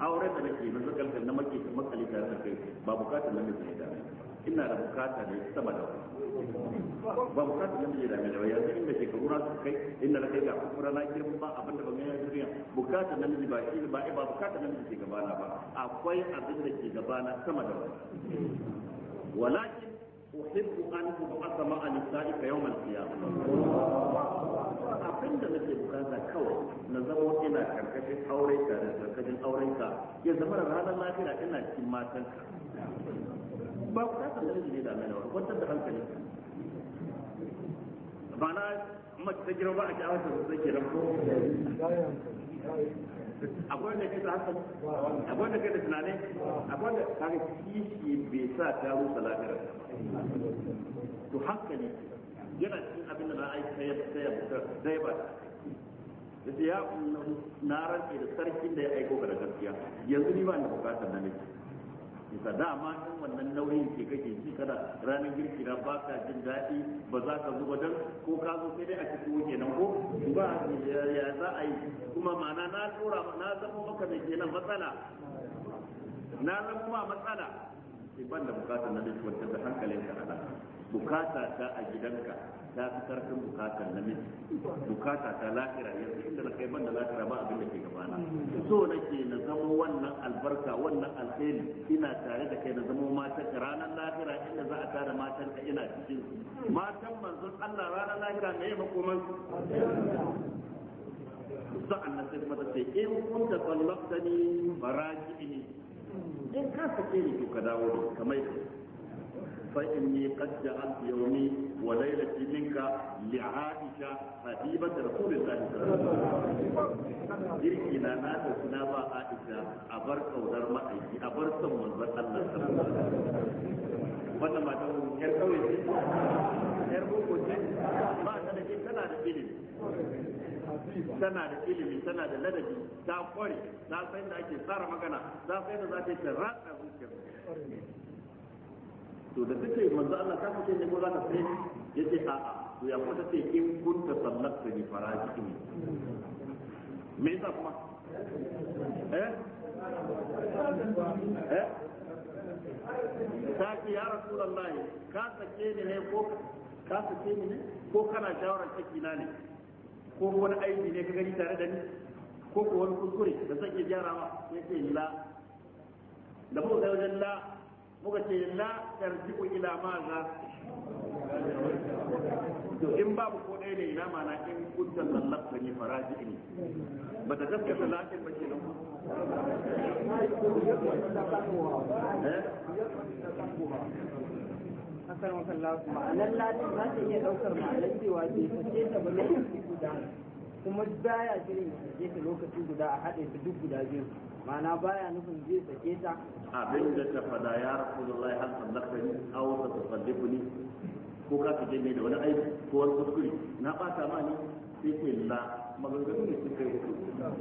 auren da nake na zakalkar na maki da makali tare da kai ba bukatar nan da ya ina da bukata ne sama da ba bukatar nan da ya da ba yanzu inda shekaru na su kai inda na kai ga kura na kirin ba abin da ban ga yanzu ya bukatar nan da ba ilmi ba ba bukatar nan da ke gabana ba akwai abin da ke gabana sama da walakin uhibbu an tubqa ma'a nisa'i yawm al-qiyamah kawai na zama ina karkashin ka da karkashin ka ya zama da ranar lafiya ina cikin ka. ba ku kasa da ne da mai kwantar da hankali ba na mace ta girma ba a kyawar ta zai ke ko akwai da ke da hankali akwai wanda ke da tunani akwai wanda kaga kishi bai sa ta rusa lafiyar to hankali yana cikin abin da na aika ya ya ba ce ya na rantsi da sarkin da ya aiko ka da gaskiya yanzu ni ba ni bukatar na miji bisa dama in wannan nauyin ke kake ji kada ranar girki na ba ka jin daɗi ba za ka zuba dan ko ka zo sai dai a cikin wuke nan ko ba ya za a yi kuma ma'ana na tura na zama maka mai kenan matsala na zama matsala ban da bukatar na dai kwanciyar da hankalin ka ala bukata ta a gidanka ta fi karfin bukatar namiji bukata ta lahira yanzu inda na kai ban da lahira ba abin da ke gabana so nake na zama wannan albarka wannan alheri ina tare da kai na zama matan ka ranar lahira inda za a tara matan ka ina cikin matan manzon Allah ranar lahira me ya makoman sa'an nan sai kuma ta ce in kun ta tsallafta baraji faraji in ka sake ni to ka dawo kamar فإني قد جعلت يومي وليلتي منك لعائشة حبيبة رسول الله صلى الله عليه وسلم جركي لا ناس سنابا عائشة أبرك ودر ما أيدي أبرك منظر الله صلى الله عليه وسلم wannan mata yar kauye ce yar boko ba ta da tana da ilimi da ilimi ladabi ta kware ta san ake tsara magana ta san da za ta yi ta ratsa zuciyar to da take manzo Allah ka kace ne ko za ka fice yace a a to ya kuma tace in kunta sallata bi ne me yasa kuma eh eh ta ce ya rasulullahi ka sake ni ne ko ka sake ni ne ko kana shawarar take na ne ko wani aiki ne ka gani tare da ni ko ko wani kuskure da zan iya gyarawa yace la da ko da wajen la muka ce la tarji'u ila maza to in babu ko ɗaya da ina mana in kuntan lallabta ne faraji ne ba ta gaskata lafiyar ba ke nan eh? akan wakan lafi ma'anar lati za ta iya ɗaukar ma'anar cewa ce ta ce ta ba ne kuma baya shirin ya sake ta lokaci guda a haɗe su duk guda biyu ma'ana baya nufin zai sake ta abin da ta fada ya rasu rasulullahi hal sallakani aw ta ta tasallifuni ko ka fi ne da wani aiki ko wani kuskure na bata ma ne sai ce la maganganu ne suka yi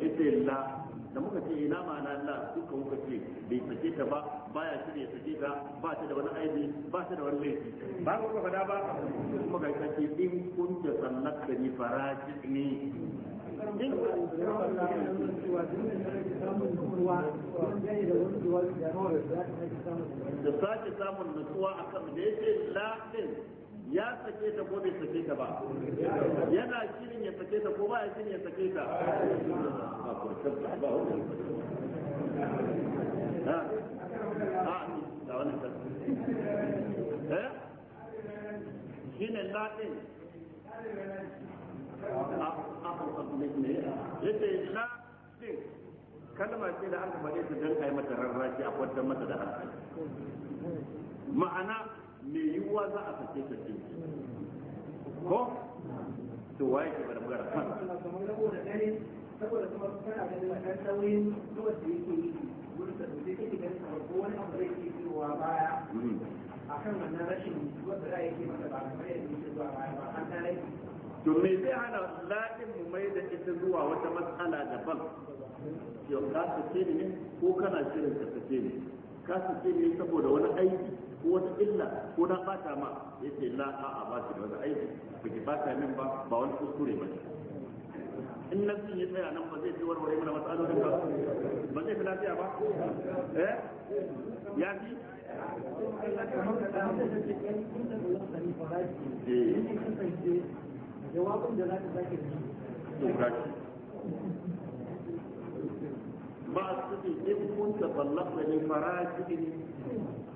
ita yi la da muka ce ina ma na Allah duka muka ce bai sake ta ba baya shi ne sake ta ba ta da wani aibi ba ta da wani laifi ba ku ka fada ba kuma ga kace in kun ta sallaka ni faraji ne in da sake samun nutsuwa akan da yake la'in ya sake ta ko bai sake ta ba yana shirin ya sake ta ko ba ya shirin ya sake ta eh? shi ne laɗin yace la din kalma ce da aka faɗe ta don a yi mata rarrashi a kwantar mata da hankali ma'ana me yiwuwa za a sake ta ce ko to waye ke bada magana kan saboda kuma kana ganin wannan sauyin zuwa da yake yi wurin da sai kake ganin kamar ko wani abu zai ke fitowa baya hmm. akan wannan rashin zuwa da za yake masa ba kamar yadda yake zuwa baya ba an tare to me zai hana laɗin mu mai da ita zuwa wata matsala daban yau ka sace ne ko kana shirin ka sake ne ka sace ne saboda wani aiki ko wata illa ko na bata ma yace la a a ba shi da wani aiki biki bata min ba ba wani kuskure ba in nan sun yi tsaya nan ba zai tsawar warware mana da ba ba zai fi lafiya ba eh ya fi eh. ba su ce in kun tafallaka ne cikin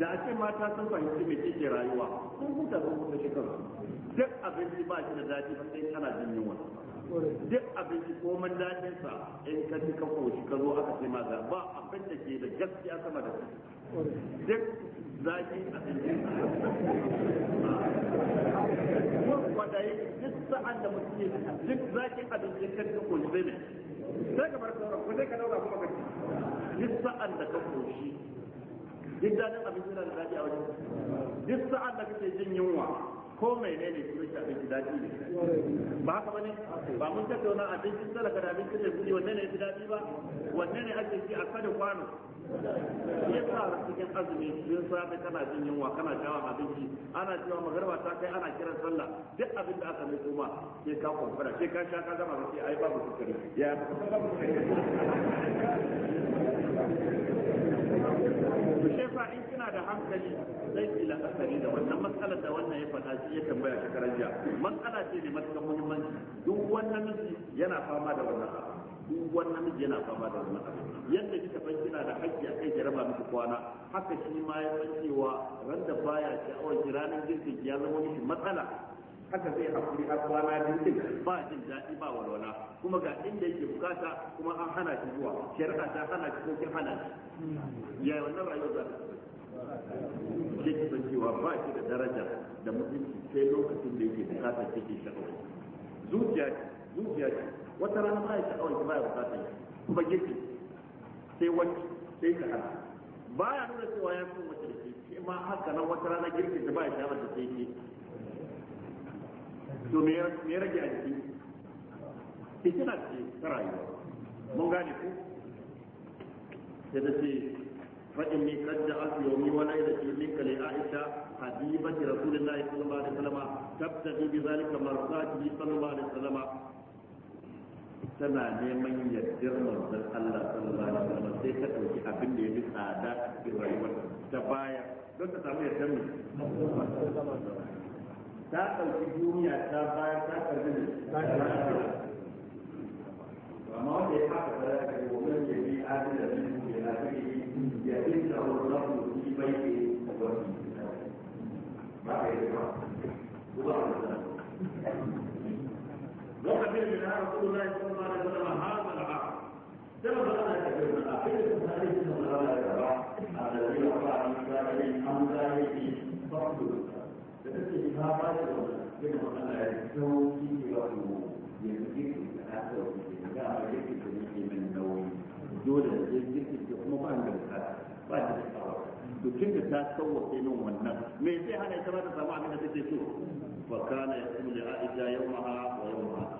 da a ce mata sun fahimci mai kike rayuwa sun huta sun kuma shi kansu duk abinci ba shi da daɗi ba sai kana jin yunwa duk abinci ko man daɗin sa in ka ci ka koshi ka zo aka ce ma ga ba abin da ke da gaskiya sama da duk zaki abinci kwadayi duk sa'an da mutum duk zaki abinci ka ci ka koshi zai ne sai ka bar sauran ko sai ka daura kuma ka ci duk sa'an da ka koshi duk dadin abinci na da daɗi a wajen duk sa'an da kake jin yunwa ko mai ne ne kuma shi abinci daɗi ne ba haka ba ne ba mun tattauna abincin ka da abincin da kuɗi wanne ne ya fi daɗi ba wanne ne ake ci a kada kwano ya sa cikin azumi sun safe kana jin yunwa kana jawa abinci ana cewa magarba ta kai ana kiran sallah duk abin da aka mai kuma sai ka kwamfura sai ka sha ka gama sai ai babu sukari ya shi yasa in kina da hankali zai fi la'akari da wannan matsalar da wannan ya faɗa shi ya tambaya ta karanja matsala ce ne matuƙar muhimmanci duk wannan miji yana fama da wannan duk wannan miji yana fama da wannan yadda kika san kina da haƙƙi a kai ki raba miki kwana haka shi ma ya san cewa ran da baya sha'awar ki ranar girkin ya zama miki matsala haka zai hakuri har kwana biyu ba jin daɗi ba walwala kuma ga inda yake bukata kuma an hana shi zuwa shari'a ta hana shi ko kin hana shi ya wannan rayuwar za ta ke san cewa ba shi da daraja da mutunci sai lokacin da yake bukata take sha'awar zuciya zuciya ce wata rana ba ya sha'awar ba ya bukata kuma gefe sai wacce sai ka hana ba ya nuna cewa ya fi wacce da ke ma haka nan wata rana girki da ba ya sha'awar da sai ke to me me rage a jiki ce ta rayuwa mun gane ku sai ta ce fa'in ni kad da aku yomi wa lailati minka aisha sallallahu alaihi wasallam bi marzati sallallahu alaihi wasallam tana neman yardar manzon Allah sallallahu alaihi wasallam sai ta dauki abin da yafi tsada a cikin rayuwar ta baya don ta samu yardar mu ta ɗauki duniya ta baya ta karbi ne ta karbi amma wanda ya haka da ya yi wannan ya yi adila da su ya lafiya ya yi da wani rafu shi yi ke wani ba ka yi ba kuma ba ka lokacin da na rasu da ya kuma da wani da ba sai ba za a yi kafin a afin da kuma da wani rawa da ba a da zai ba a yi zai an zai yi ba da take ta ba ba da ta ga a da yake min nauyi dole da zai da kuma ba da ba da to da ta wannan me hana ita ba ta samu abin da take so fa kana ya kuma da aisha wa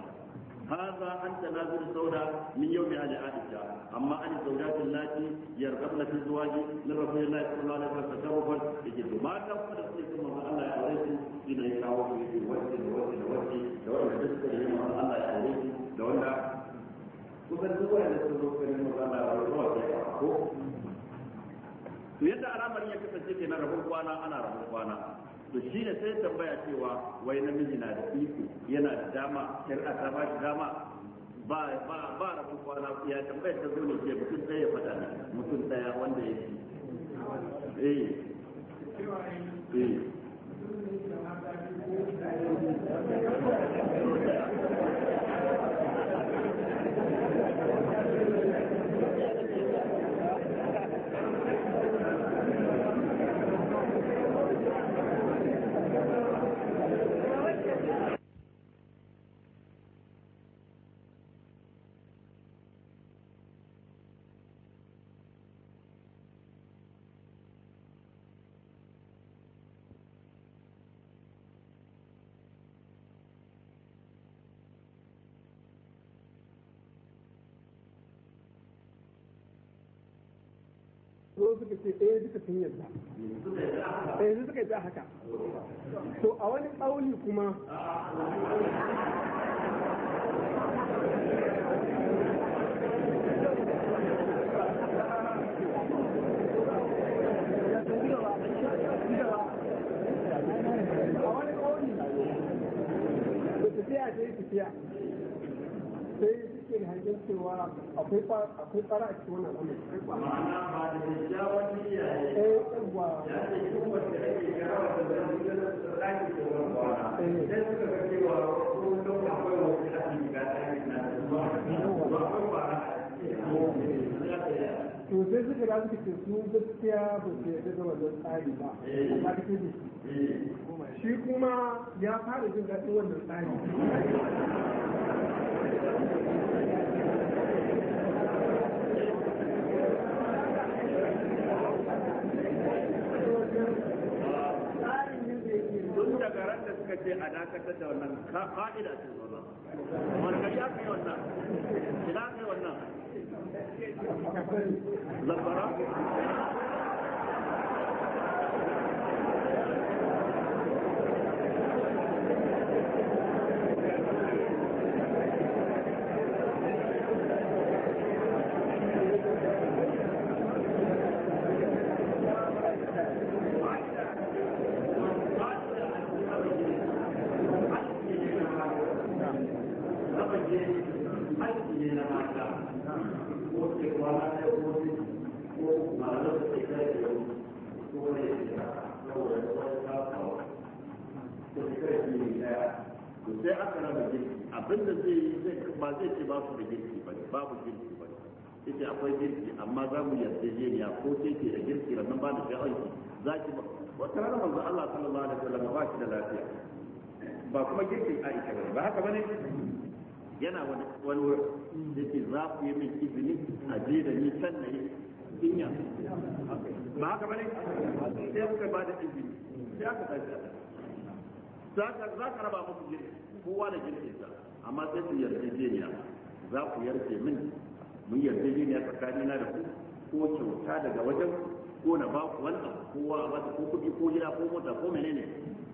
هذا أن تنازل السوداء من يوم على عائشة أما عن الزوجات التي يرغبن في الزواج من رسول الله صلى الله عليه وسلم تشرفا يجد ما تفضل فيكم وما الله يعرفكم إذا يتعاون في وجه وجه وجه لو أن تذكر يوم الله يعرفكم لو kusan duk wanda sun zo kan magana da ruwa da ya ko yadda alamar ya kasance kenan rabon kwana ana rabon kwana to shi ne sai tambaya cewa wai namiji na da iko yana da dama shari'a a ba shi dama ba ba ba rabu kwana ya tambaya ta zo ne ke mutum ɗaya ya faɗa ne mutum daya wanda ya ci eh eh suka ce eh duka sun yarda eh suka yi haka to a wani kauli kuma a wani ba tafiya ta yi tafiya ganin cewa akwai fara a cikin wannan Ma'ana ba da niyya ne. Eh Ya ce kin ake da da wani kwana. Eh. Idan suka ko don ga ba to sai suka ga suka ce su gaskiya ba su yarda da wannan tsari ba eh. amma eh. shi kuma ya fara jin daɗin wannan tsari kafiran da suka ce a dakatar da wannan ka'ida ce wannan markari ya kai wannan ina kai wannan zafara daya to sai aka raba girki abin da zai yi zai ba zai ce babu da girki ba ne babu girki ba ne ita akwai girki amma za mu yarda yarjejeniya ko sai ke da girki nan ba da sha'anki za ki ba wata rana manzo Allah sallallahu alaihi wasallam ba shi da lafiya ba kuma a ita ba ba haka bane yana wani wani wurin yake za ku yi min izini a je da ni can na yi jinya ba haka bane sai kuka ba da izini sai aka tashi za ka raba muku girki kowa da girkinsa amma sai yarda yarjejeniya za ku yarda min mun yarda yarjejeniya tsakanina da ku ko kyauta daga wajen ko na ba ku wani abu kowa a bata ko kuɗi ko gida ko mota ko menene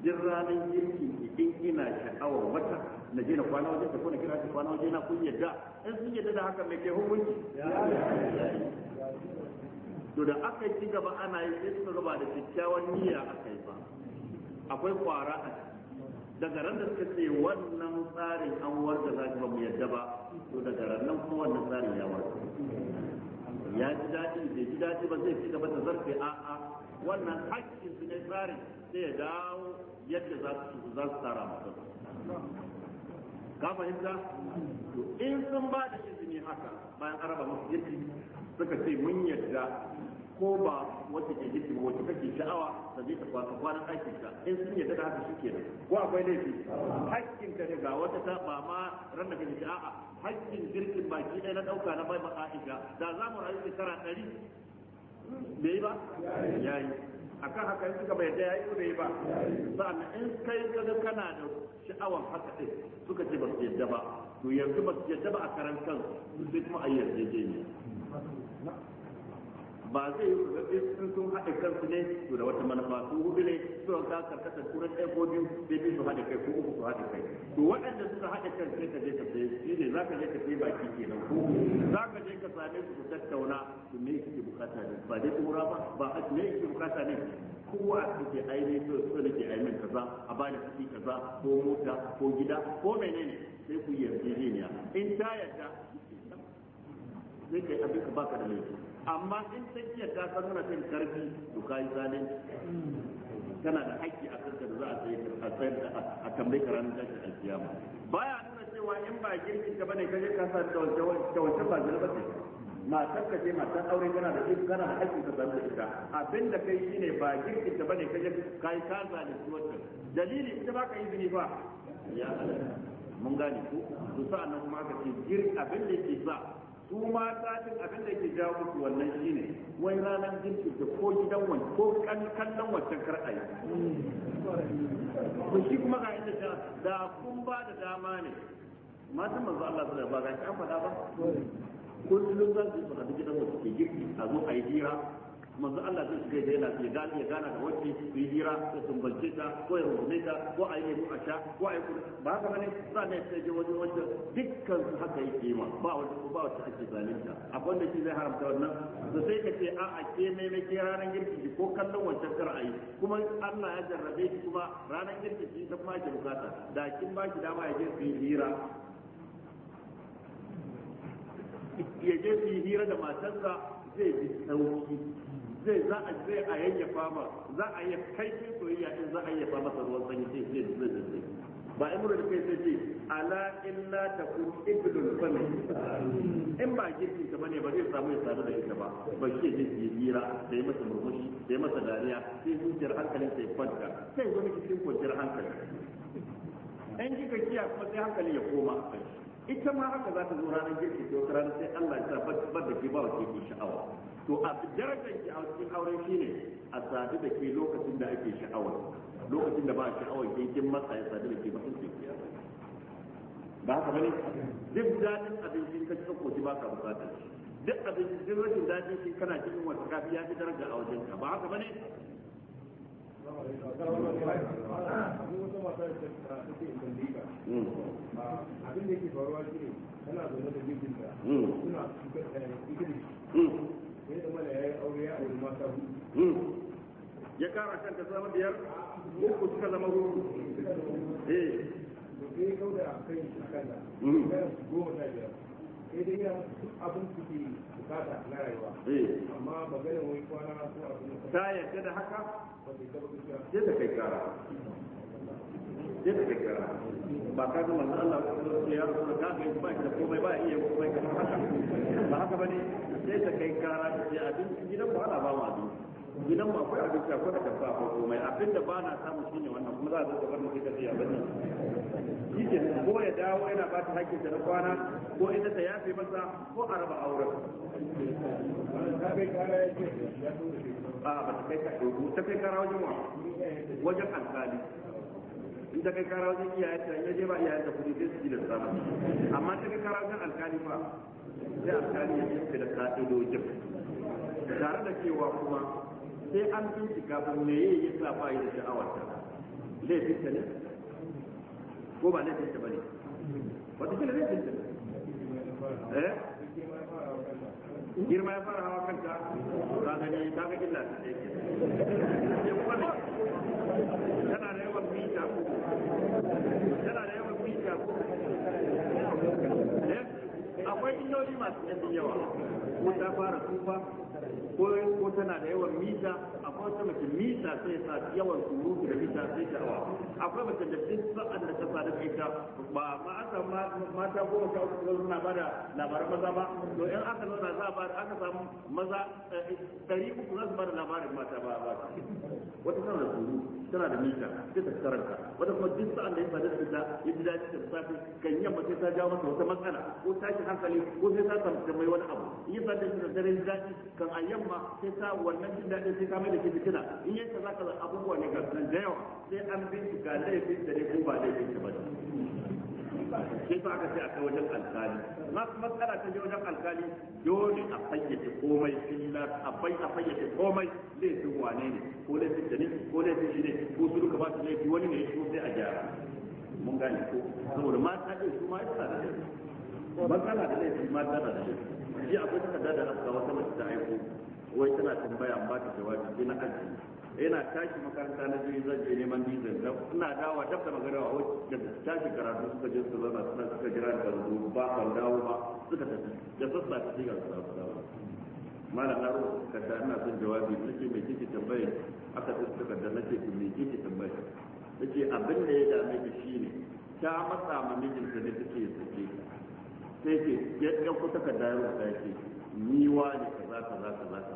jin ranar girkin idan ina sha'awar wata na je na kwana waje ta ko na kira ta kwana waje na kun yadda in sun yadda da haka mai ke hukunci to da aka ci gaba ana yi sai suka gaba da kyakkyawan niyya aka yi ba akwai kwara a daga ran da suka ce wannan tsarin an warda za ka mu yadda ba to daga ran nan kuma wannan tsarin ya warda ya ji daɗi bai ji daɗi ba zai ci gaba da zarfe a'a wannan hakkin su ne tsarin sai ya dawo yadda za su za su tsara masa ka fahimta to in sun ba da izini haka bayan araba masu yadda suka ce mun yadda ko ba wata ke jiki ba wata kake sha'awa ta je ta kwaka kwanan aikin ka in sun yadda da haka suke nan ko akwai laifi hakkin ka ne ga wata ta ba ma ran da kake a'a hakkin girkin baki ɗaya na ɗauka na bai ma Aisha da za mu rayu shekara ɗari yi ba Ya a kan haka in suka bai da yi ko bai ba sannan in kai ga kana da sha'awan haka ɗin suka ce ba su yadda ba to yanzu ba su yadda ba a karan kansu sai kuma a yi yarjejeniya ba zai yi ga sun sun haɗe kansu ne su da wata manufa su hudu ne su ka karkata turan ɗaya ko biyu sai biyu su haɗe kai ko uku su haɗe kai to waɗanda suka haɗe kan sai ka je ka sai shi ne za ka je ka sai baki nan ko za ka je ka same su ku tattauna su me kike bukata ne ba dai tura ba ba a me kike bukata ne kowa a kake aini to so nake aimin kaza a ba da kuɗi kaza ko mota ko gida ko menene sai ku yarjejeniya in ta yarda sai kai abin ka baka da laifi amma in tsakiyar ta san nuna cin karfi to ka yi zalunci kana da haƙƙi a kanka da za a tsayar sai a tambayi ka ranar tashin alkiyama baya nuna cewa in ba girkin ka bane kaje ka sa kyawance ba zalba ce matar ka ce matar aure kana da ita kana da haƙƙi ka san da ita abin da kai shine ba girkin ka bane kaje ka yi ka zalunci wata dalili ita ba ka izini ba ya mun gane ko to sa'annan nan kuma aka ce girkin abin da yake sa su mata din abin da yake jawo musu wannan shine wai ranar girki da ko gidan wani ko kallon wancan karɗai ayi shi kuma ga inda ta da kun ba da dama ne matan manzo Allah su da ba ga an faɗa ba kullum zan su faɗa gidan wani ke girki a zo a yi jira manzo Allah zai shiga yana ya gane ya gana da wacce su yi hira da tumbalce ta ko ya rubuce ta ko a yi mu a sha ko a yi ba haka bane za ne sai je wajen wanda dukkan su haka yake ma ba wanda ba wacce ake zalunta akwai wanda shi zai haramta wannan da sai ka ce a'a ke mai mai ke ranar girki ko kallon wancan kar a yi kuma Allah ya jarrabe shi kuma ranar girki shi ta kuma ke bukata da kin ba shi dama ya je su yi hira ya je su yi hira da matarsa zai bi sauki zai za a zai a yayyafa ma za a yi kaifin soyayya in za a yi fama masa ruwan sanyi sai sai zai zai ba in da kai sai ce ala illa ta kun ibnul fami in ba girki ta bane ba zai samu ya sadu da ita ba ba shi ne ya jira sai masa murmushi sai masa dariya sai zuciyar hankalin sai kwanta sai wani cikin kwanciyar hankali in kika kiya kuma sai hankali ya koma a kai ita ma haka za ta zo ranar girki ko ranar sai Allah ya sa bar da ke ba wa ke sha'awa to a darajar ki a cikin aure shine a sadu da ke lokacin da ake sha'awa lokacin da ba sha'awa ke kin masa ya sadu da ke ba sun ke ba haka bane duk dadin abincin ka ci ko ba ka bukatar duk abincin duk rashin daɗin shi kana cikin wata kafiya fi daraja a wajen ka ba haka bane abin ya yi kara kanta zama biyar uku suka zama eh hmm. goma sha biyar bukata na rayuwa eh. amma wai kwana ko abin ta yarda da haka yadda kai kara yadda kai kara ba ka ga manzo Allah ko ya rubuta ka ga ba da komai ba iya komai kamar haka ba haka bane sai ta kai kara sai abin gidan ba ana ba mu abin gidan mu akwai abin akwai da kafa ko komai abin da ba na samu shine wannan kuma za a zo gaban mu kika sai abin yake ko ya dawo yana ba ta ta na kwana ko ita ta yafe masa ko a raba auren a ba ta kai ta kai kara wajen wa wajen alkali in ta kai kara wajen ta ya je ba iyayen ta kudi su ji da sama amma ta kai kara wajen alkali fa sai alkali ya da ka'idojin tare da cewa kuma sai an bincika ba me ya sa ba yi da sha'awar ta laifin ta ne ko ba laifin ta bane wata kila laifin ta eh girma ya fara hawa kanta ta gani ta ga illa ta tana da yawan mita ko tana da yawan mita ko eh? akwai illoli masu yawa ko ta fara tufa ko ko tana da yawan mita akwai wata mace mita sai ta yawan surutu da mita sai ta awa akwai mace da duk sa'an da ta sadu ita ba ma aka mata goma sha uku suna ba da maza ba to in aka nuna za a ba aka samu maza eh, uku za su ba da labarin mata ba ba wata tana da kuru tana da mita sai tattara ka wata kuma duk sa'an da ya sadu da ita ya ji dadi da safi kan yamma sai ta jawo masa wata matsala ko tashi hankali ko sai ta samu mai wani abu in ya sadu da dare ya dadi kan a yamma sai ta wannan jin daɗin sai ta mai da ke kina in ya zaka kaza abubuwa ne ga da yawa sai an bincika laifin da ne ko ba laifin ta ba sai fa aka ce a kai wajen alkali na matsala ta je wajen alkali dole a fayyace komai illa a bai a fayyace komai laifin wane ne ko laifin da ne ko laifin shi ne ko su duka ba su laifi wani ne ko sai a gyara mun gane ko saboda mata ɗin su ma yasa da laifi matsala da laifi mata da laifi ji akwai takarda da aka wata mace ta aiko wai tana tambaya ba ta jawabi sai na yana tashi makaranta na jirgin zan je neman dizan da ina dawa tafka magana a wajen da tashi karatu suka je su zama suna suka jira da karatu ba kan dawo ba suka tafi da sassa ta shiga su samu dawa malam na suka takarda ina son jawabi suke mai kike tambaye aka su takarda nake ke mai kike tambaye nake abin da ya dame ki shine ta matsa ma mijinta ne take sake sai ke ya ku takarda ya ta yake ni wa ne kaza kaza kaza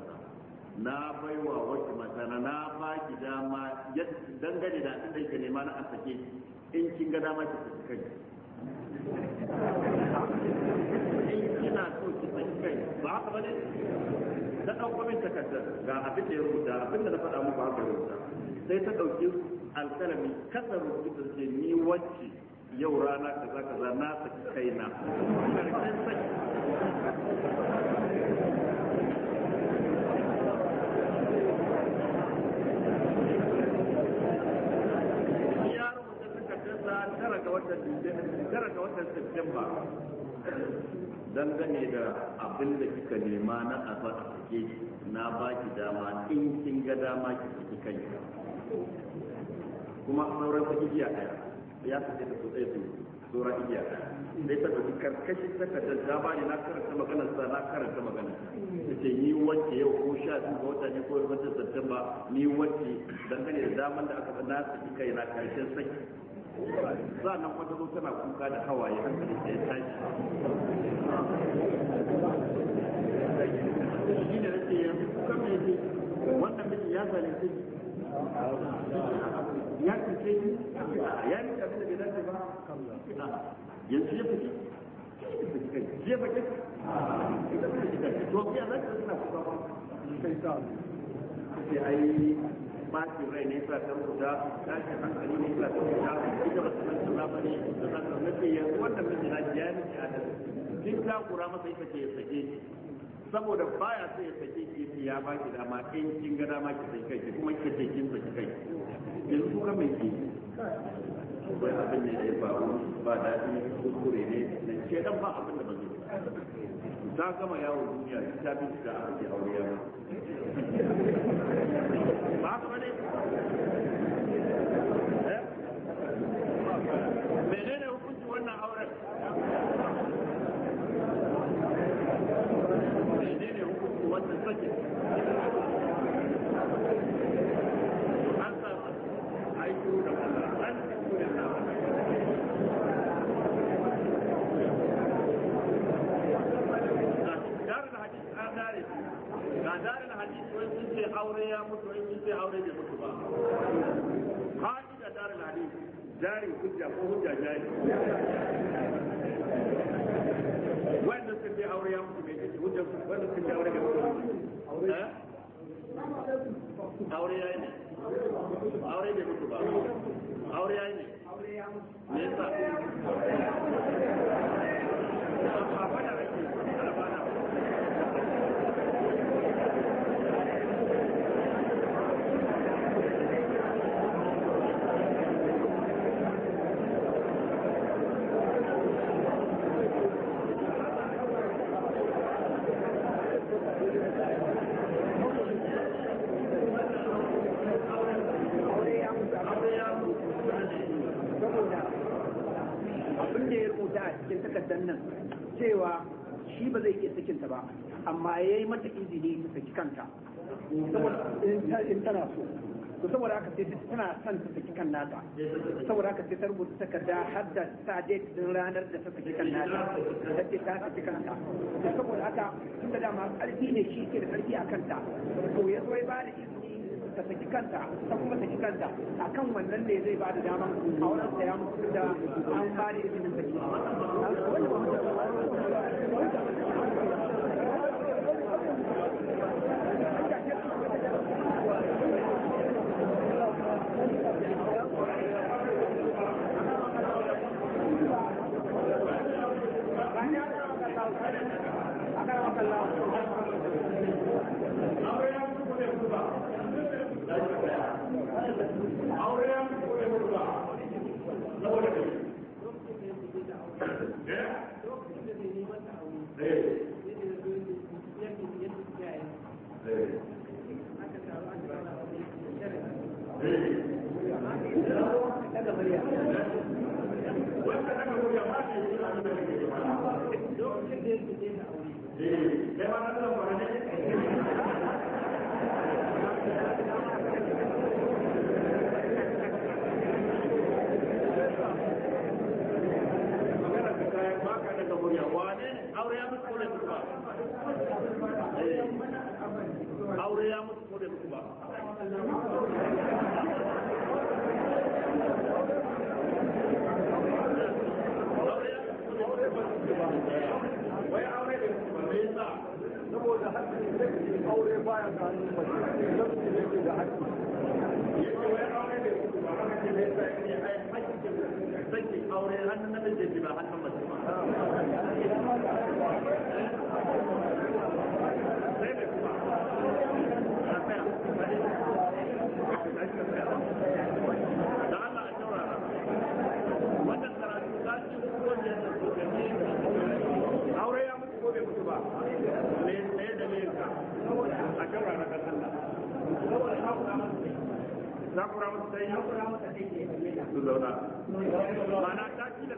na baiwa wacce masana na ba ki dama dangane da abin da yake nema na asake in kin ga dama ki saki kai in kina so ki saki kai ba haka bane Da dauko min takardar ga abin da ya rubuta abin da na faɗa muku haka rubuta sai ta dauki alkalami kasar rubuta ce ni wacce yau rana kaza kaza na saki kai na. watan shekara ga watan Septemba dangane da abin da kika nema na a suke na baki dama in kin ga dama ki saki kai. kuma sauran su igiya ɗaya ya sake ta sosai su sauran igiya ɗaya sai ta tafi karkashin takardar ta bani na karanta maganar sa na karanta maganar ta ce ni wacce yau ko sha biyu ga wata ne ko wata Septemba ni wacce dangane da daman da aka na saki kai na karshen saki sannan wata zo tana kuka da hawaye hankali da ya tashi shi da nake kuka mai wannan ya zalunce shi ya shi ya abin da bai dace ba yanzu ya fice je to suna kuka ba sai ai bacin rai ne sa ta rubuta tashin hankali ne sa ta rubuta ita ba ta san kaza ba ne da za ta nace yanzu wannan mijin na ya miki adalci kin takura masa ita ce ya sake ki saboda baya so ya sake ki ya ba ki dama in kin ga dama ki sai kai kuma ki ce kin saki kai yanzu kuka mai ki akwai abin da ya faru ba daɗi kuskure ne na ce dan ba abin da ba zai za gama yawon duniya duk ta bin da aka aure ya ba ka bane eh? menene hukunci wannan auren menene hukunci wannan sakin wuce wanda suka ci aure ga mutu aure ya yi ne aure bai mutu ba aure ya yi ne me yasa shi ba zai iya sakinta ba amma ya yi mata izini ta saki kanta tana so to saboda haka sai tana son ta saki kan nata saboda haka sai ta rubuta takarda har da ta date din ranar da ta saki kan nata ta ce ta saki kanta to saboda haka tun da dama karfi ne shi ke da karfi a kanta to ya zo ya ba da izini ta saki kanta ta kuma saki kanta a kan wannan ne zai ba da dama a wurin da ya mutu da an ba da izinin saki aure ya mutu ko da mutu ba wai aure da mutu ba yasa saboda hakkin da aure baya da hannun mace nafsi ne ke da hakki yake wai aure da mutu ba haka ne yasa yake ai hakkin da aure hannun da ke ba hannun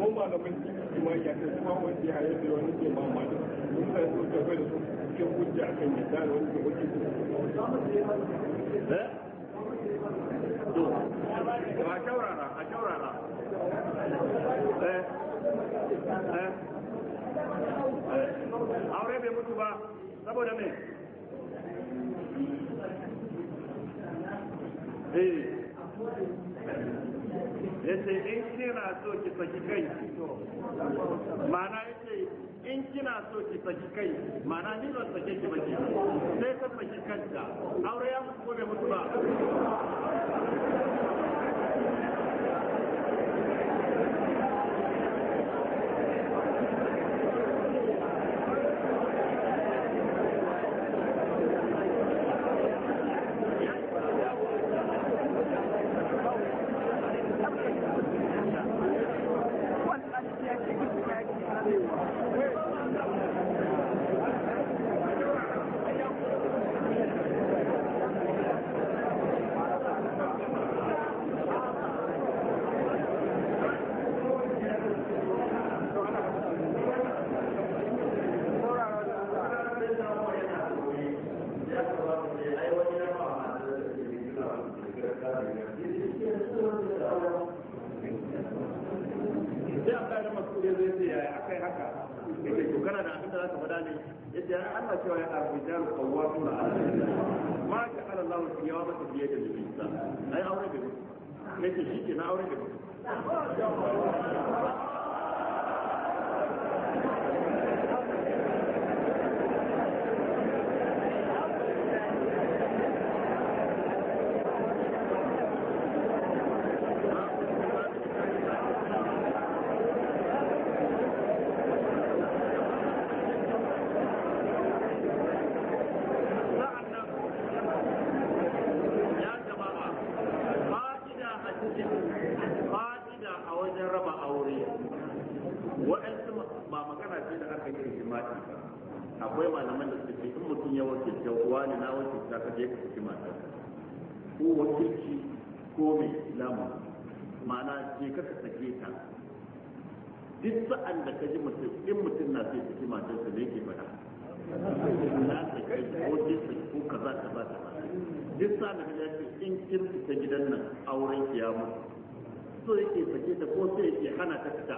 ko malaman imani a kan kuma wani ya yadda wani ke mamaki mun da su da bai da su cikin hujja a kan yadda da wani ke wuce su. Eh? A kyaurara, a kyaurara. Eh, eh. Aure bai mutu ba, saboda me? so ki saki kai ma'ana yake in kina so ki saki kai ma'ana ni ba sake ki ba sai ta saki kanta aure ya mutu ko bai mutu ba ya mata biye da mijinta ai aure da mutu nake shi ke na aure da mutu je ka fi matar ko wakilci ko mai lamu ma'ana je ka sake ta duk sa'an da ka ji mutum in mutum na sai saki matar sa ne ke faɗa na saki ko je ko kaza kaza kaza duk sa'an da ka ji in kirki ta gidan nan auren kiyamu so yake sake ta ko sai yake hana ta fita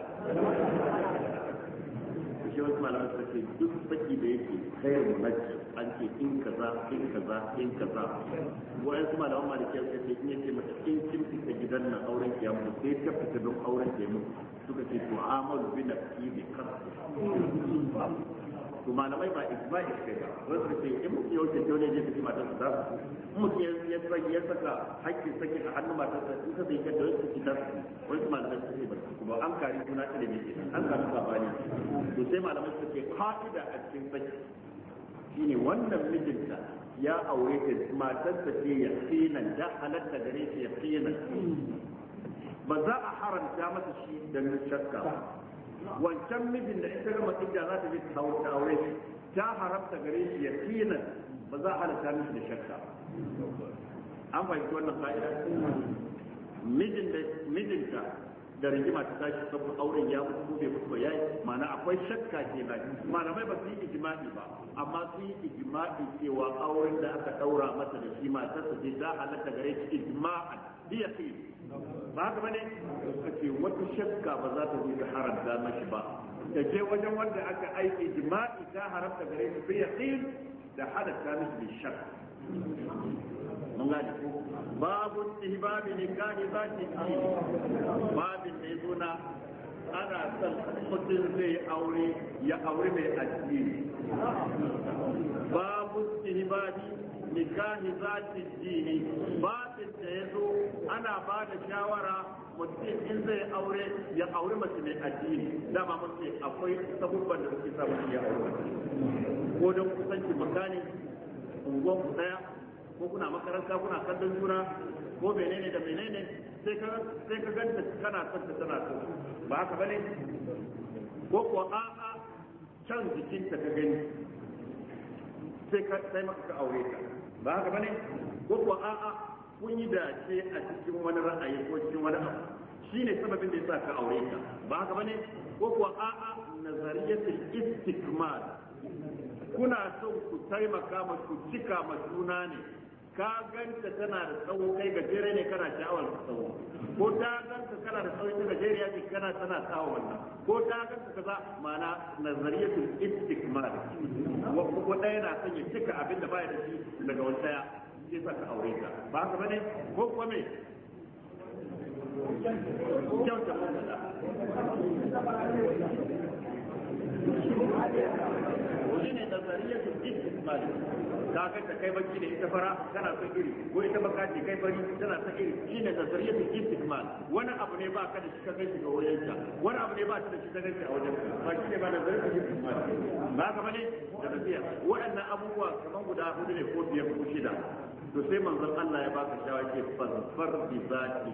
shi wasu malamai suka ce duk saki da yake kai mu najji an ce in kaza in kaza in kaza wa'an su malaman malikiya suka ce in yace mata in kin fita gidan nan auren ki ya mutu sai ta fita don auren ki ya suka ce to amalu bi na nafsi bi kasu to malamai ba ijma'i kai ba wasu suka ce in mutum yau ke dole ne su matar su za su mutum ya saki ya saka hakkin saki a hannun matar sa in ka bai kai da wasu kitar wasu malamai su ce ba kuma an kari suna ilimi an kari sabani to sai malamai suka ce ka'ida a cikin saki shine wannan mijinta ya aure ta ta ce yaqinan da halatta ne ya yaqinan ba za a haramta masa shi da shakka wancan mijin da ita gama idda za ta je ta aure shi ta haramta gare shi yaqinan ba za a halatta mishi da shakka an fahimci wannan fa'ida mijin da mijinta da rigima ta tashi saboda auren ya mutu ko bai mutu ba yayi ma'ana akwai shakka ke ba malamai ba su yi ijma'i ba amma sun yi ijma'i cewa auren da aka daura mata da shi matar ta ce za halatta gare shi ijma'a biya ce ba haka bane suka ce wata shakka ba za ta zo ta haramta mashi ba da je wajen wanda aka aiki ijma'i ta haramta gare shi biya ce da halatta mashi da shakka mun gane ko babu istihbabi nikahi zati babin da na ana son mutum zai aure ya aure mai addini babu istihbabi nikahi zati dini babin da zo ana ba da shawara mutum in zai aure ya aure mace mai addini dama mutum akwai sabubban da suke sa mutum ya aure ko don kusanci makani unguwan ku daya ko kuna makaranta kuna kallon juna ko menene da menene sai ka sai ka ganta kana son ta tana son ba haka bane ko a a'a can ta ka gani sai ka sai maka ka aure ta ba haka bane ko a a'a kun yi dace a cikin wani ra'ayi ko cikin wani abu shine sababin da yasa ka aure ta ba haka bane ko a a'a nazariyatul istikmar kuna son ku taimaka ma ku cika ma juna ne ka ganta tana da tsawo kai gajere ne kana sha'awar tsawo ko ta ganta kana da tsawo ta ya ce kana tana tsawo wannan ko ta ganta kaza ma'ana nazariyatul istikmal ko ɗaya na son ya cika abin da baya da shi daga wani ya sai sa ka aure ta ba ka bane ko kuma me kyauta wani ne nazariyatul istikmal ka ga ta kai baki da ita fara tana son iri ko ita baka ce kai fari tana son iri shine nazariyatul istikmal wani abu ne ba ka da shi ka kai ga wurin ka wani abu ne ba ka da shi ka kai a wajen ka ba da shine da nazariyatul istikmal ba ka bane da tafiya waɗannan abubuwa kamar guda hudu ne ko biyar ko shida to sai manzon Allah ya baka shawara ke farfar bi zati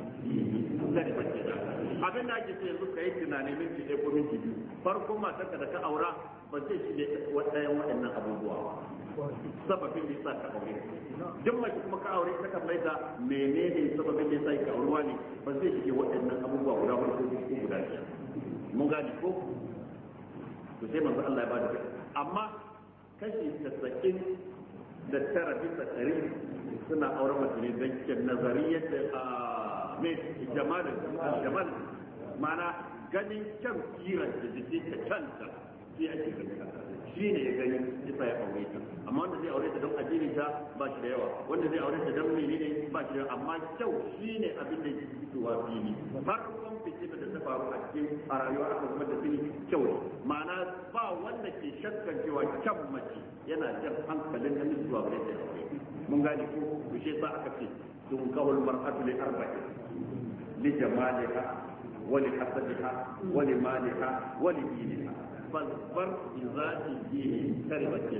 zai bace da abin da ake sai yanzu kai tunani min ki ko min ki farko matarka da ka aura ba zai shi ne wadannan waɗannan abubuwa sababin da yasa ka aure duk mace kuma ka aure ta kamar da menene sababin da yasa ka aure ne ba zai shi wadannan abubuwa guda wani ko guda biyar mun gane ko to sai manzon Allah ya bada amma kashi 90 da tara bisa ɗari suna aure musulmi don ke nazari da a mai jamalin jamalin mana ganin kyan kiran da jiki ta canta shi ake ganin shi ne ya gani isa ya aure ta amma wanda zai aure ta don addini ta ba shi da yawa wanda zai aure ta don menene ba shi da yawa amma kyau shi ne abin da ya fitowa fili farkon fitina da faru a cikin a rayuwa aka zama da fili kyau ma'ana ba wanda ke shakkan cewa kyan mace yana jan hankalin nufi zuwa gare mun gane ko to sa aka ce dun kawul mar'atu li arba'in li jamaliha wa li hasadiha wa li maliha wa li diniha fal far bi zati dini karimat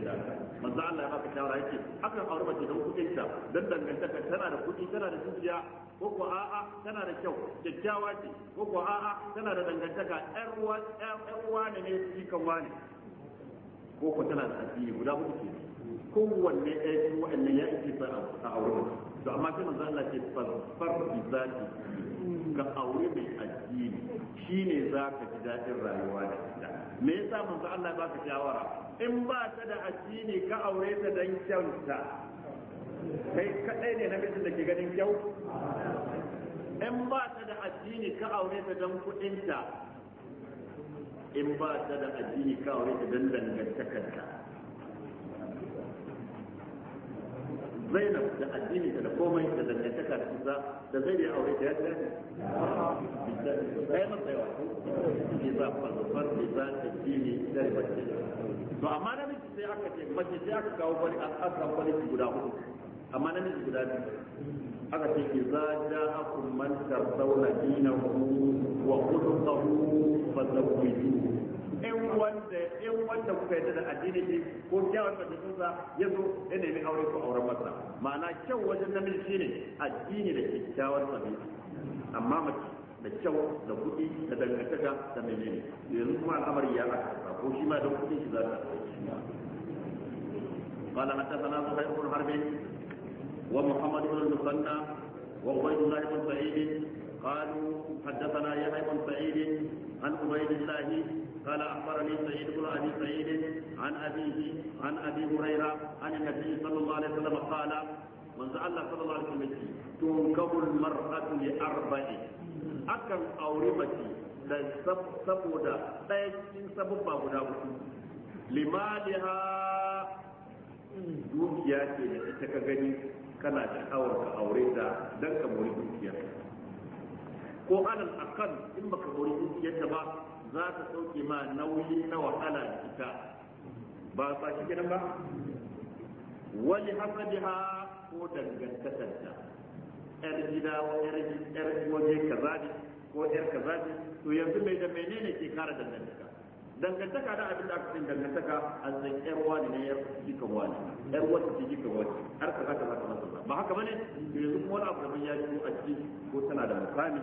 manzo Allah ya baka shawara yake hakan aure mace don kuɗin ta dan dangantaka tana da kuɗi tana da zuciya ko ko a'a tana da kyau kyakkyawa ce ko ko a'a tana da dangantaka ƴar uwa ƴar uwa ne ne cikin wani ko ko tana da addini guda uku ce kowanne ɗaya cikin waɗannan ya ake sa a aure mace to amma sai manzo Allah ke farfar bi zati ka aure mai addini shine zaka ji daɗin rayuwa ne me yasa manzo Allah ba ka shawara in ba ta da addini ka aure ta dan kyauta kai kadai ne gaji da ke ganin kyau in ba ta da addini ka aure ta dan kudinta in ba ta da addini ka aure ta dan dangantakarta zainab da addini da komai da dangantaka da kusa da zai ya aure ta ya tsaya kai masa yawa ne za fa zafar ne za ta dini da ribace to amma na miji sai aka ce mace sai aka kawo bari an aka bari guda hudu amma na miji guda biyu aka ce ki za da akum man tarzauna dinahu wa quluhu fa zawwijuhu in wanda in wanda kuka yarda da addini shi ko kyawun ɗabi'un sa ya zo ya nemi aure ko auren masa ma'ana kyau wajen namiji shine addini da kyakkyawar ɗabi'a amma mace da kyau da kuɗi da dangantaka da menene yanzu kuma al'amari ya aka ko shi ma da shi za ta قال حدثنا زهير بن حرب ومحمد بن المثنى وعبيد الله بن سعيد قالوا حدثنا يحيى بن سعيد عن عبيد قال أخبرني سعيد بن أبي سعيد عن أبيه عن أبي هريرة عن النبي صلى الله عليه وسلم قال من زعل صلى الله عليه وسلم تنكب المرأة لأربع أكم أورمتي saboda ɗaya cikin sabubba guda uku limaliha dukiya ce da ita ka gani kana sha'awar ka aure ta don ka mori dukiyar ko alal akan in baka mori dukiyar ta ba za ta sauke ma nauyi na wahala da ita ba sa ki gidan ba wani hasadiha ko dangantakarta yar gida yar waje kaza ne ko yar kaza ne to yanzu mai da menene ke kara dangantaka dangantaka da abin da aka san dangantaka a zan yar wani ne yar jika wani yar wata ce jika wani har kaza kaza kaza ba haka bane ne yanzu kuma wani abu da ya shigo a ciki ko tana da mukami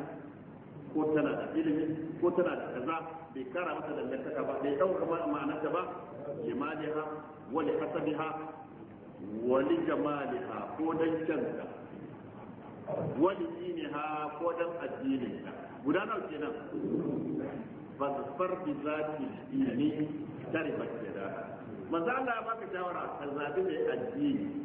ko tana da ilimi ko tana da kaza bai kara mata dangantaka ba bai dauka ba ta ba limaliha wa li hasabiha wa li jamaliha ko dan kyanta wa li diniha ko dan addinin guda nawa kenan fazfar bi zati dini tarifat yada manzo Allah ya baka shawara ka zabi mai addini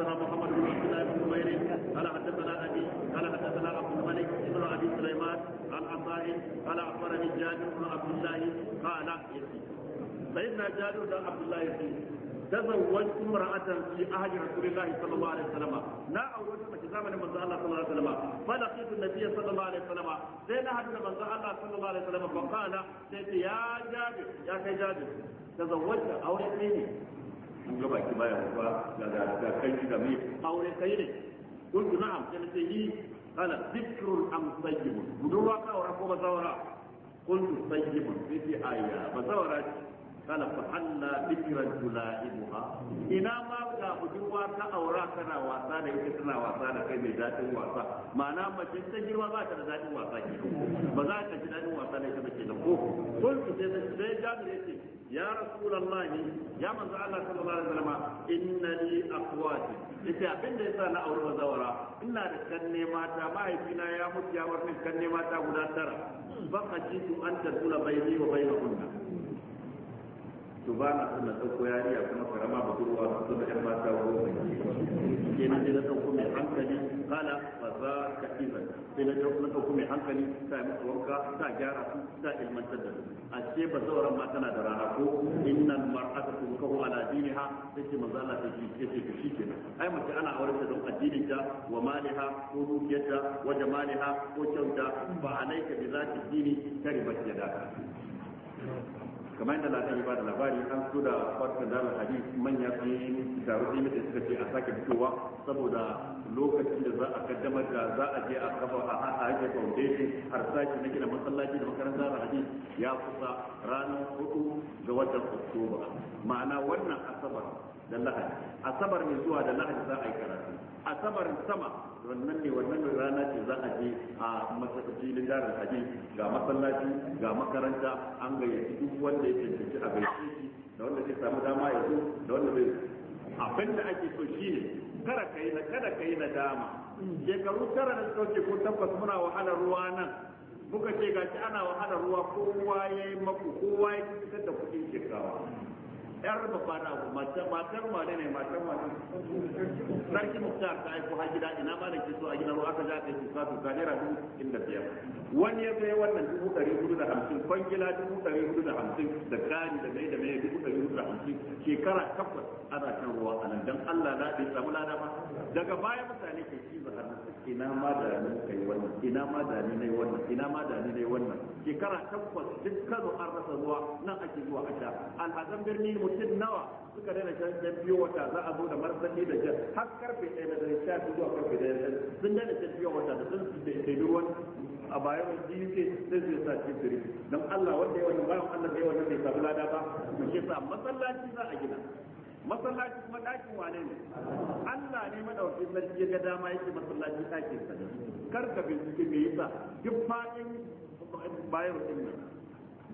حدثنا محمد بن عبد الله بن زبير قال حدثنا ابي قال حدثنا عبد الملك بن ابي سليمان عن عطاء قال اخبرني جابر بن عبد الله قال سيدنا جابر بن عبد الله يقول تزوجت امرأة في أهل رسول الله صلى الله عليه وسلم لا أولد في زمن من الله صلى الله عليه وسلم فلقيت النبي صلى الله عليه وسلم زين أحد من الله صلى الله عليه وسلم فقال يا جابر يا جابر تزوجت أولت مني kun ga baki baya ba ga ga ga kai da mai aure kai ne kun tuna am sai ce yi kana zikrun am sayyibun budurwa ka aura ko bazawara kun sayyibun sai ce ayya bazawara kana fa halla bikra tulaibuha ina ma ga budurwa ka aura kana wasa da ita tana wasa da kai mai dadin wasa ma'ana mace ta girma ba ta da dadin wasa ke ba za ka ji dadin wasa da ita ke da ko kun sai sai jami'a ce ya rasulullahi ya manzo Allah sallallahu alaihi wasallam inna li aqwati yace abin da yasa na aure bazawara ina da kanne mata mahaifina ya mutu ya bar kanne mata guda tara fa qajitu an tadula baini wa bainahunna to ba na sunna dauko yariya kuma karama budurwa su da yan mata goma kenan sai na dauko mai hankali kala ba za ka izan sai na dauko mai hankali ta yi musu wanka ta gyara su ta ilmantar da su a ce ba zauren ma tana da rana ko innal mar'ata tunkahu ala ha sai ce manzo Allah sai ce ce shi kenan ai mace ana aure ta don addinin ta wa maliha ko ta wa jamaliha ko kyauta ba alaika bi zati dini ta ribar da kamar yadda yi ba bada labari an so da farkon zalar hadis manya sun yi taro sai mata suka ce a sake fitowa saboda lokacin da za a kaddamar da za a je a kafa a haka foundation har sake na gina masallaci da makarantar hadis ya kusa ranar ga watan oktoba ma'ana wannan asabar da lahadi asabar mai zuwa da lahadi za a yi karatu asabar sama wannan ne wannan rana ce za a je a masakacin jarin haji ga masallaci ga makaranta an gayyaci duk wanda ya cancanci a gaishe shi da wanda zai samu dama ya zo da wanda zai abin da ake so shi ne kada ka yi na kada ka yi na dama shekaru tara na suka ko tabbas muna wahalar ruwa nan muka ce gashi ana wahala ruwa kowa ya yi maku kowa ya fitar da kuɗin shekawa yar babba na abu matar wane ne matar wane sarki muktar ta aiko ha gida ina ma da ke so a gina ruwa Ka ja ka yi su ka naira dubu cikin da biyar wani ya sai wannan dubu ɗari hudu da hamsin kwangila dubu ɗari hudu da hamsin da kari da mai da mai dubu ɗari hudu da hamsin shekara takwas ana kan ruwa a nan don allah na ɗin samu lada ba daga baya mutane ke cizon hannun ina ma da ni kai wannan ina ma da ni nai wannan ina ma da ni nai wannan shekara takwas duk Kano an rasa zuwa nan ake zuwa a sha alhazan birni mutum nawa suka daina shan shan biyo wata za a zo da martani da jan har karfe ɗaya na dare sha biyu zuwa karfe ɗaya na sun daina shan biyo wata da sun da ruwan a bayan wani UK sai zai sa cikin firi don Allah wanda ya wani bayan Allah ya wani bai samu lada ba mu sa masallaci za a gina masallaci kuma ɗakin wane ne Allah ne madaukakin sarki ya ga dama yake masallaci ɗakin sa kar ka bincike me yasa duk fadin bayar din nan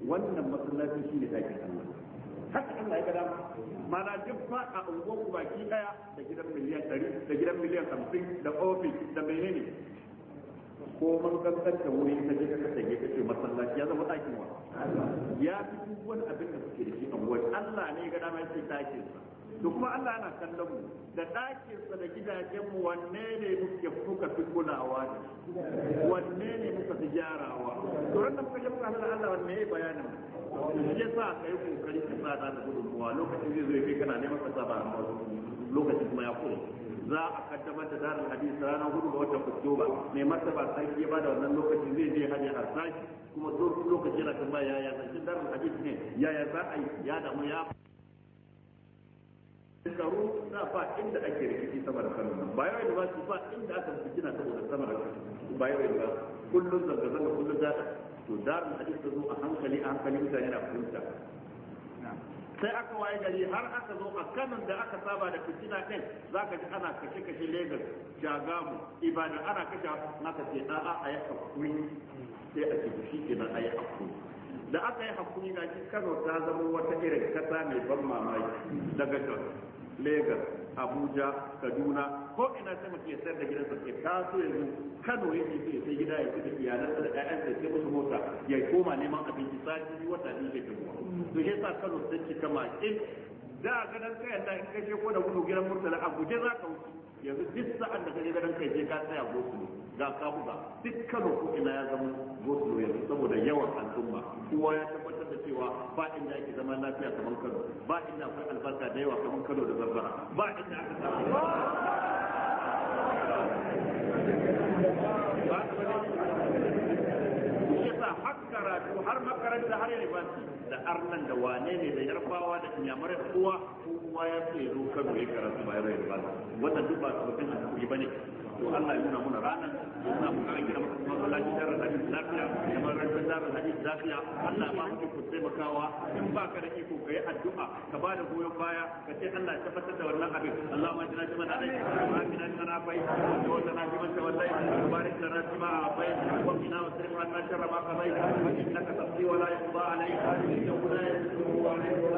wannan masallaci shine ɗakin Allah haka Allah ya ga dama mana duk fa a unguwar baki daya da gidan miliyan 100 da gidan miliyan 50 da ofis da menene ko man kankanta wuri ta je ka kasance ka ce masallaci ya zama ɗakin wa ya fi duk wani abin da suke da shi a wani Allah ne ya ga dama yake ɗakin sa to kuma Allah yana kallon mu da sa da mu wanne ne muke muka fi kulawa da wanne ne muka fi gyarawa to ran da muka je muka hada Allah wanne ya bayana ya sa kai kokari ka sa da gudunmuwa lokacin zai zo kai kana neman ka sa ba lokacin kuma ya kure za a kaddamar da zarar hadisi ranar hudu ga watan oktoba mai martaba sarki ya bada wannan lokaci zai je hajji a sashi kuma lokaci yana kan ba yaya zancen zarar hadisi ne yaya za a yi ya damu ya tsaro na ba inda ake rikici sama da kano ba yau ba su ba inda aka rikici na saboda sama da kano ba yau ba kullum zanga zanga kullum zaka to darun hadis ta zo a hankali a hankali mutane na fahimta sai aka waye gari har aka zo a kanun da aka saba da fitina kai zaka ji ana kashe kashe legas Jagamu Ibadan ana kashe naka ce a'a a yi hakuri sai a ce shi a yi hakuri da aka yi hakuri na shi kano ta zama wata irin kasa mai ban mamaki daga jos lagos abuja kaduna ko ina sai mutum ke sayar da gidansa ta so yanzu kano ya ce sai gida ya fita iyalan da ƴaƴan sai sai musu mota ya koma neman abinci sati biyu wata biyu ke kuma to yasa kano ta cika in da ganin kayan da in kashe ko da gudu gidan murtala a guje za ka wuce yanzu duk sa'an da kaje gadon kai je ka tsaya gosulo ga ka buga duk kano ko ina ya zama gosulo yanzu saboda yawan al'umma kowa ya tabbatar da cewa ba inda yake zama lafiya kamar kano ba inda akwai albarka da yawa kamar kano da zamfara ba inda aka samu ba ba ba ba ba ba ba ba ba ba ba ba ba har ba ba ba ba ba da arnan da wane ne da yarbawa da inyamurai kowa kowa ya ce zo kano ya karatu bayan rai ba wannan duk ba su mutum a ba ne to Allah ya nuna muna ranar ya nuna mu kan kira maka masallaci da ranar lafiya da marar da ranar lafiya Allah ba mu ku taimakawa in ba ka da iko ka yi addu'a ka ba da goyon baya ka ce Allah ya tabbatar da wannan abin Allah ma jina jima da ma jina jima na bai da wannan na jima da wallahi da a bai wa ma wa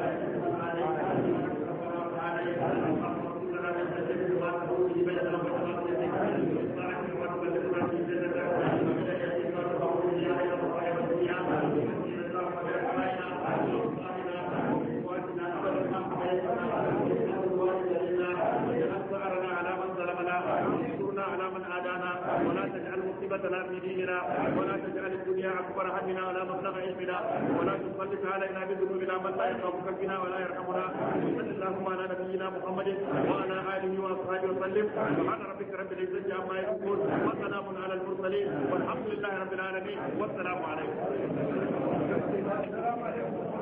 لنا في ديننا ولا تجعل الدنيا اكبر همنا ولا مبلغ علمنا ولا تسلط علينا بذنوبنا من لا يرحمك بنا ولا يرحمنا وصل اللهم على نبينا محمد وعلى اله واصحابه وسلم سبحان ربك رب العزه عما يقول وسلام على المرسلين والحمد لله رب العالمين والسلام عليكم.